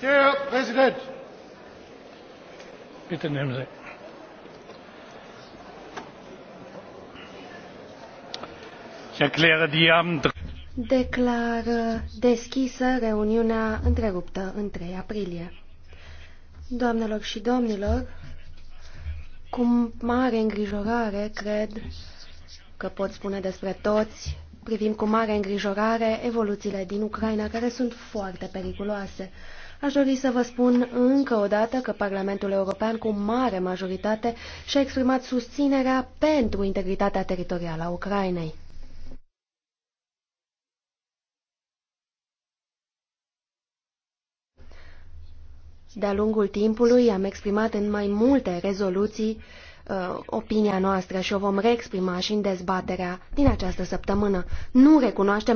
Herr Präsident! Bitte nehmen Sie. Ich erkläre die am Declar deschisă reuniunea întreruptă în 3 aprilie. Doamnelor și domnilor, cu mare îngrijorare cred că pot spune despre toți Privim cu mare îngrijorare evoluțiile din Ucraina, care sunt foarte periculoase. Aș dori să vă spun încă o dată că Parlamentul European cu mare majoritate și-a exprimat susținerea pentru integritatea teritorială a Ucrainei. De-a lungul timpului am exprimat în mai multe rezoluții uh, opinia noastră și o vom reexprima și în dezbaterea din această săptămână. Nu recunoaștem